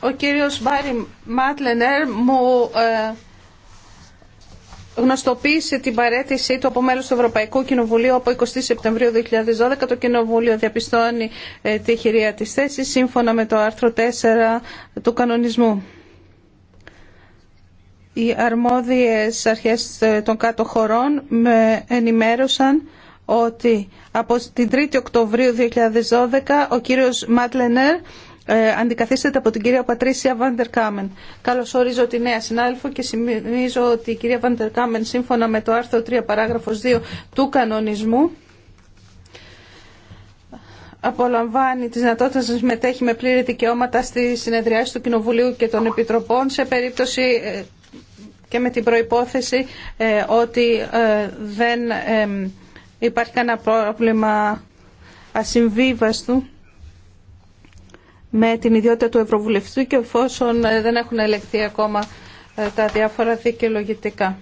Ο κύριος Μπάρι Μάτλενερ μου ε, γνωστοποίησε την παρέτησή του από μέλος του Ευρωπαϊκού Κοινοβουλίου από 20 Σεπτεμβρίου 2012. Το Κοινοβούλιο διαπιστώνει ε, τη χειρία της θέσης σύμφωνα με το άρθρο 4 του κανονισμού. Οι αρμόδιες αρχές ε, των κάτω χωρών με ενημέρωσαν ότι από την 3η Οκτωβρίου 2012 ο κύριος Μάτλενερ ε, αντικαθίσταται από την κυρία Πατρίσια Βάντερ Κάμεν. Καλώς ορίζω τη νέα συνάδελφο και σημίζω ότι η κυρία Βάντερ Κάμεν σύμφωνα με το άρθρο 3 παράγραφος 2 του κανονισμού απολαμβάνει τη δυνατότητα να συμμετέχει με πλήρη δικαιώματα στη συνεδριάση του Κοινοβουλίου και των Επιτροπών σε περίπτωση ε, και με την προϋπόθεση ε, ότι ε, δεν υπάρχει κανένα πρόβλημα ασυμβίβαστου με την ιδιότητα του Ευρωβουλευτού και εφόσον ε, δεν έχουν ελεγχθεί ακόμα ε, τα διάφορα δικαιολογητικά.